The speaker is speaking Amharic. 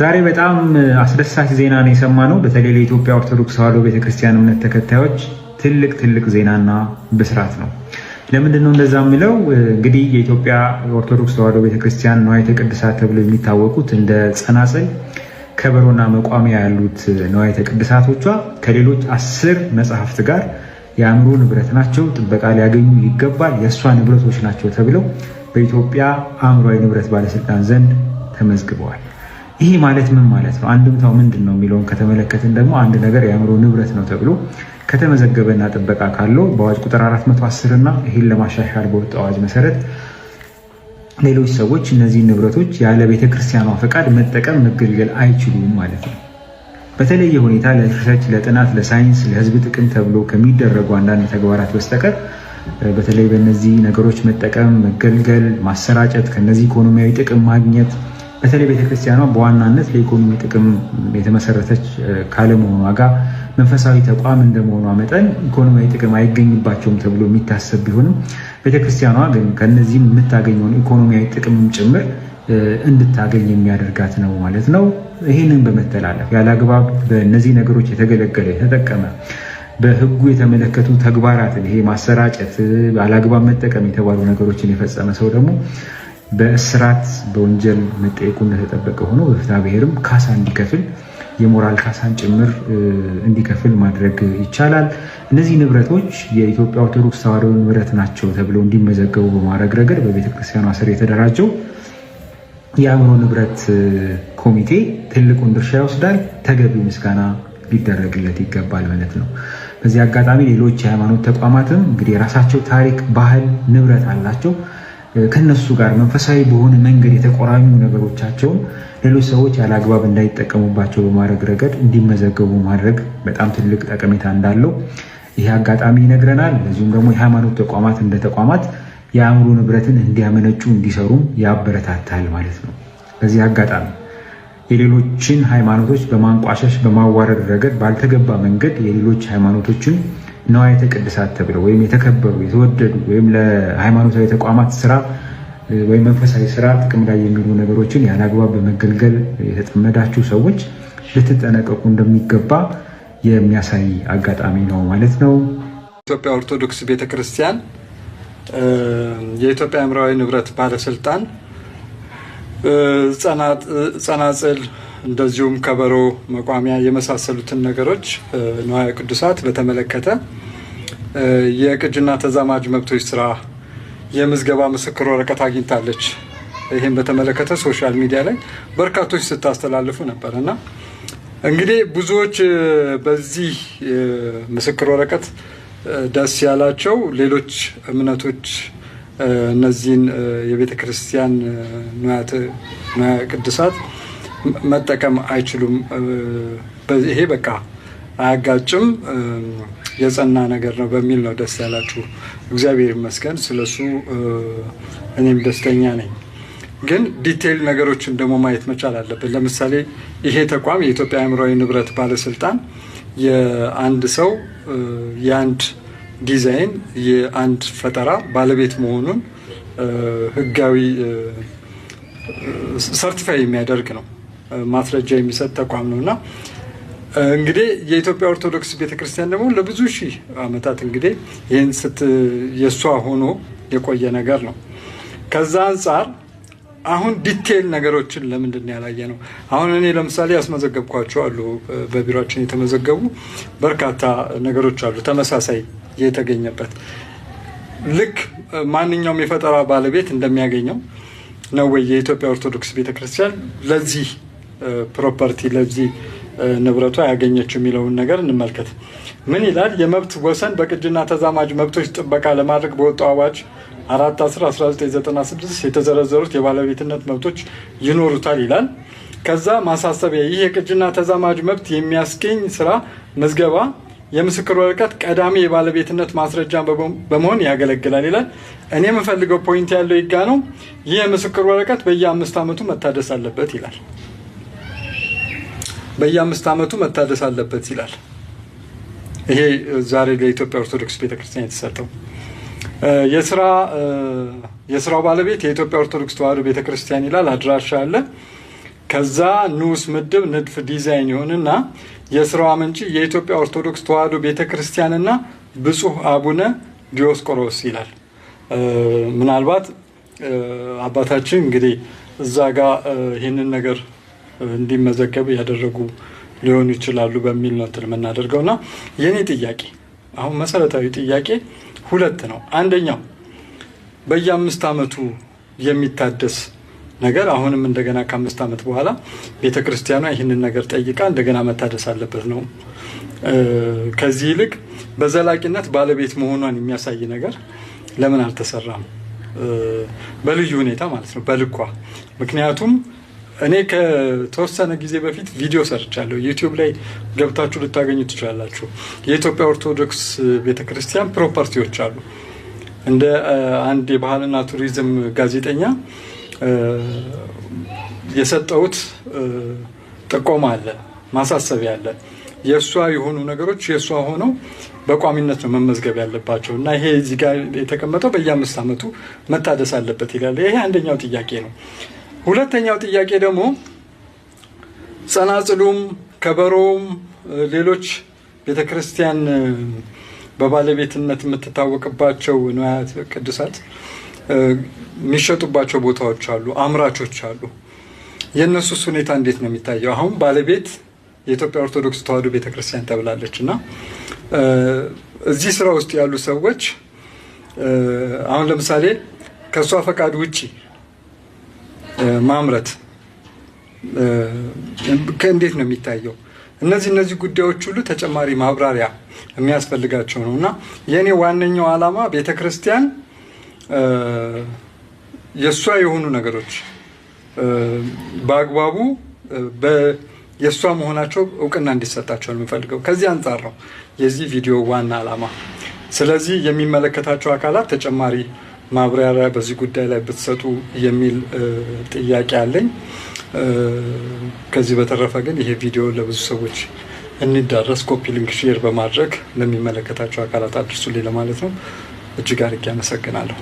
ዛሬ በጣም አስደሳች ዜና ነው የሰማነው። በተለይ ለኢትዮጵያ ኦርቶዶክስ ተዋሕዶ ቤተክርስቲያን እምነት ተከታዮች ትልቅ ትልቅ ዜናና ብስራት ነው። ለምንድን ነው እንደዛ የሚለው? እንግዲህ የኢትዮጵያ ኦርቶዶክስ ተዋሕዶ ቤተክርስቲያን ንዋየ ቅድሳት ተብለው የሚታወቁት እንደ ጸናጽል፣ ከበሮና መቋሚያ ያሉት ንዋየ ቅድሳቶቿ ከሌሎች አስር መጽሐፍት ጋር የአእምሮ ንብረት ናቸው፣ ጥበቃ ሊያገኙ ይገባል፣ የእሷ ንብረቶች ናቸው ተብለው በኢትዮጵያ አእምሯዊ ንብረት ባለስልጣን ዘንድ ተመዝግበዋል። ይህ ማለት ምን ማለት ነው? አንድምታው ምንድን ነው የሚለውን ከተመለከትን ደግሞ አንድ ነገር የአእምሮ ንብረት ነው ተብሎ ከተመዘገበና ጥበቃ ካለው በአዋጅ ቁጥር 410 እና ይህን ለማሻሻል በወጣ አዋጅ መሰረት ሌሎች ሰዎች እነዚህን ንብረቶች ያለ ቤተክርስቲያኗ ፈቃድ መጠቀም መገልገል አይችሉም ማለት ነው። በተለየ ሁኔታ ለሪሰርች፣ ለጥናት፣ ለሳይንስ፣ ለህዝብ ጥቅም ተብሎ ከሚደረጉ አንዳንድ ተግባራት በስተቀር በተለይ በእነዚህ ነገሮች መጠቀም፣ መገልገል፣ ማሰራጨት፣ ከነዚህ ኢኮኖሚያዊ ጥቅም ማግኘት በተለይ ቤተክርስቲያኗ በዋናነት ለኢኮኖሚ ጥቅም የተመሰረተች ካለመሆኗ ጋር መንፈሳዊ ተቋም እንደመሆኗ መጠን ኢኮኖሚያዊ ጥቅም አይገኝባቸውም ተብሎ የሚታሰብ ቢሆንም ቤተክርስቲያኗ ግን ከነዚህም የምታገኘውን ኢኮኖሚያዊ ጥቅምም ጭምር እንድታገኝ የሚያደርጋት ነው ማለት ነው። ይህንን በመተላለፍ ያለ አግባብ በእነዚህ ነገሮች የተገለገለ የተጠቀመ በህጉ የተመለከቱ ተግባራትን ይሄ ማሰራጨት፣ አላግባብ መጠቀም የተባሉ ነገሮችን የፈጸመ ሰው ደግሞ በእስራት በወንጀል መጠየቁ እንደተጠበቀ ሆኖ በፍትሐ ብሔርም ካሳ እንዲከፍል የሞራል ካሳን ጭምር እንዲከፍል ማድረግ ይቻላል። እነዚህ ንብረቶች የኢትዮጵያ ኦርቶዶክስ ተዋሕዶ ንብረት ናቸው ተብለው እንዲመዘገቡ በማድረግ ረገድ በቤተክርስቲያኗ ስር የተደራጀው የአእምሮ ንብረት ኮሚቴ ትልቁን ድርሻ ይወስዳል። ተገቢ ምስጋና ሊደረግለት ይገባል ማለት ነው። በዚህ አጋጣሚ ሌሎች የሃይማኖት ተቋማትም እንግዲህ የራሳቸው ታሪክ፣ ባህል፣ ንብረት አላቸው። ከነሱ ጋር መንፈሳዊ በሆነ መንገድ የተቆራኙ ነገሮቻቸውን ሌሎች ሰዎች ያለ አግባብ እንዳይጠቀሙባቸው በማድረግ ረገድ እንዲመዘገቡ ማድረግ በጣም ትልቅ ጠቀሜታ እንዳለው ይህ አጋጣሚ ይነግረናል። እዚሁም ደግሞ የሃይማኖት ተቋማት እንደ ተቋማት የአእምሮ ንብረትን እንዲያመነጩ እንዲሰሩም ያበረታታል ማለት ነው። በዚህ አጋጣሚ የሌሎችን ሃይማኖቶች በማንቋሸሽ በማዋረድ ረገድ ባልተገባ መንገድ የሌሎች ሃይማኖቶችን ነዋየተ ቅድሳት ተብለው ወይም የተከበሩ የተወደዱ ወይም ለሃይማኖታዊ ተቋማት ስራ ወይም መንፈሳዊ ስራ ጥቅም ላይ የሚሉ ነገሮችን ያለግባብ በመገልገል የተጠመዳችሁ ሰዎች ልትጠነቀቁ እንደሚገባ የሚያሳይ አጋጣሚ ነው ማለት ነው። ኢትዮጵያ ኦርቶዶክስ ቤተ ክርስቲያን የኢትዮጵያ አእምሯዊ ንብረት ባለስልጣን ጸናጽል እንደዚሁም ከበሮ፣ መቋሚያ የመሳሰሉትን ነገሮች ንዋየ ቅዱሳት በተመለከተ የቅጅና ተዛማጅ መብቶች ስራ የምዝገባ ምስክር ወረቀት አግኝታለች። ይህም በተመለከተ ሶሻል ሚዲያ ላይ በርካቶች ስታስተላልፉ ነበር እና እንግዲህ ብዙዎች በዚህ ምስክር ወረቀት ደስ ያላቸው ሌሎች እምነቶች እነዚህን የቤተ ክርስቲያን ንዋያተ ቅድሳት መጠቀም አይችሉም። ይሄ በቃ አያጋጭም የጸና ነገር ነው በሚል ነው ደስ ያላችሁ። እግዚአብሔር ይመስገን ስለሱ እኔም ደስተኛ ነኝ። ግን ዲቴይል ነገሮችን ደግሞ ማየት መቻል አለብን። ለምሳሌ ይሄ ተቋም የኢትዮጵያ አእምሯዊ ንብረት ባለስልጣን የአንድ ሰው የአንድ ዲዛይን የአንድ ፈጠራ ባለቤት መሆኑን ህጋዊ ሰርቲፋይ የሚያደርግ ነው። ማስረጃ የሚሰጥ ተቋም ነው እና እንግዲህ የኢትዮጵያ ኦርቶዶክስ ቤተክርስቲያን ደግሞ ለብዙ ሺህ ዓመታት እንግዲህ ይህን ስት የእሷ ሆኖ የቆየ ነገር ነው። ከዛ አንጻር አሁን ዲቴይል ነገሮችን ለምንድን ያላየ ነው? አሁን እኔ ለምሳሌ ያስመዘገብኳቸው አሉ፣ በቢሮችን የተመዘገቡ በርካታ ነገሮች አሉ ተመሳሳይ የተገኘበት ልክ ማንኛውም የፈጠራ ባለቤት እንደሚያገኘው ነው ወይ የኢትዮጵያ ኦርቶዶክስ ቤተክርስቲያን ለዚህ ፕሮፐርቲ ለዚህ ንብረቷ ያገኘችው የሚለውን ነገር እንመልከት። ምን ይላል? የመብት ወሰን በቅጅና ተዛማጅ መብቶች ጥበቃ ለማድረግ በወጣው አዋጅ 410/1996 የተዘረዘሩት የባለቤትነት መብቶች ይኖሩታል ይላል። ከዛ ማሳሰቢያ፣ ይህ የቅጅና ተዛማጅ መብት የሚያስገኝ ስራ ምዝገባ የምስክር ወረቀት ቀዳሚ የባለቤትነት ማስረጃ በመሆን ያገለግላል ይላል። እኔ የምፈልገው ፖይንት ያለው ይጋ ነው። ይህ የምስክር ወረቀት በየአምስት ዓመቱ መታደስ አለበት ይላል። በየአምስት ዓመቱ መታደስ አለበት ይላል። ይሄ ዛሬ ለኢትዮጵያ ኦርቶዶክስ ቤተክርስቲያን የተሰጠው የስራ የስራው ባለቤት የኢትዮጵያ ኦርቶዶክስ ተዋሕዶ ቤተክርስቲያን ይላል። አድራሻ አለ። ከዛ ንዑስ ምድብ ንድፍ ዲዛይን ይሆንና የስራው አመንጭ የኢትዮጵያ ኦርቶዶክስ ቤተክርስቲያን ቤተክርስቲያንና ብፁህ አቡነ ዲዮስቆሮስ ይላል። ምናልባት አባታችን እንግዲህ እዛ ጋር ይህንን ነገር እንዲመዘገቡ ያደረጉ ሊሆኑ ይችላሉ በሚል ነው እንትን የምናደርገው እና የኔ ጥያቄ አሁን መሰረታዊ ጥያቄ ሁለት ነው። አንደኛው በየአምስት ዓመቱ የሚታደስ ነገር አሁንም እንደገና ከአምስት ዓመት በኋላ ቤተ ክርስቲያኗ ይህንን ነገር ጠይቃ እንደገና መታደስ አለበት ነው። ከዚህ ይልቅ በዘላቂነት ባለቤት መሆኗን የሚያሳይ ነገር ለምን አልተሰራም? በልዩ ሁኔታ ማለት ነው በልኳ ምክንያቱም እኔ ከተወሰነ ጊዜ በፊት ቪዲዮ ሰርቻለሁ። ዩቲዩብ ላይ ገብታችሁ ልታገኙ ትችላላችሁ። የኢትዮጵያ ኦርቶዶክስ ቤተክርስቲያን ፕሮፐርቲዎች አሉ። እንደ አንድ የባህልና ቱሪዝም ጋዜጠኛ የሰጠሁት ጥቆማ አለ፣ ማሳሰቢያ አለ። የእሷ የሆኑ ነገሮች የእሷ ሆነው በቋሚነት ነው መመዝገብ ያለባቸው እና ይሄ እዚህ ጋር የተቀመጠው በየአምስት ዓመቱ መታደስ አለበት ይላል። ይሄ አንደኛው ጥያቄ ነው። ሁለተኛው ጥያቄ ደግሞ ጸናጽሉም ከበሮውም ሌሎች ቤተ ክርስቲያን በባለቤትነት የምትታወቅባቸው ንዋያት ቅዱሳት የሚሸጡባቸው ቦታዎች አሉ፣ አምራቾች አሉ። የእነሱስ ሁኔታ እንዴት ነው የሚታየው? አሁን ባለቤት የኢትዮጵያ ኦርቶዶክስ ተዋሕዶ ቤተክርስቲያን ተብላለች እና እዚህ ስራ ውስጥ ያሉ ሰዎች አሁን ለምሳሌ ከእሷ ፈቃድ ውጭ ማምረት እንዴት ነው የሚታየው? እነዚህ እነዚህ ጉዳዮች ሁሉ ተጨማሪ ማብራሪያ የሚያስፈልጋቸው ነው እና የእኔ ዋነኛው ዓላማ ቤተ ክርስቲያን የእሷ የሆኑ ነገሮች በአግባቡ የእሷ መሆናቸው እውቅና እንዲሰጣቸው ነው የምፈልገው። ከዚህ አንጻር ነው የዚህ ቪዲዮ ዋና ዓላማ። ስለዚህ የሚመለከታቸው አካላት ተጨማሪ ማብራሪያ በዚህ ጉዳይ ላይ ብትሰጡ የሚል ጥያቄ አለኝ። ከዚህ በተረፈ ግን ይሄ ቪዲዮ ለብዙ ሰዎች እንዳረስ ኮፒ ሊንክ ሼር በማድረግ ለሚመለከታቸው አካላት አድርሱልኝ ለማለት ነው። እጅግ አድርጌ አመሰግናለሁ።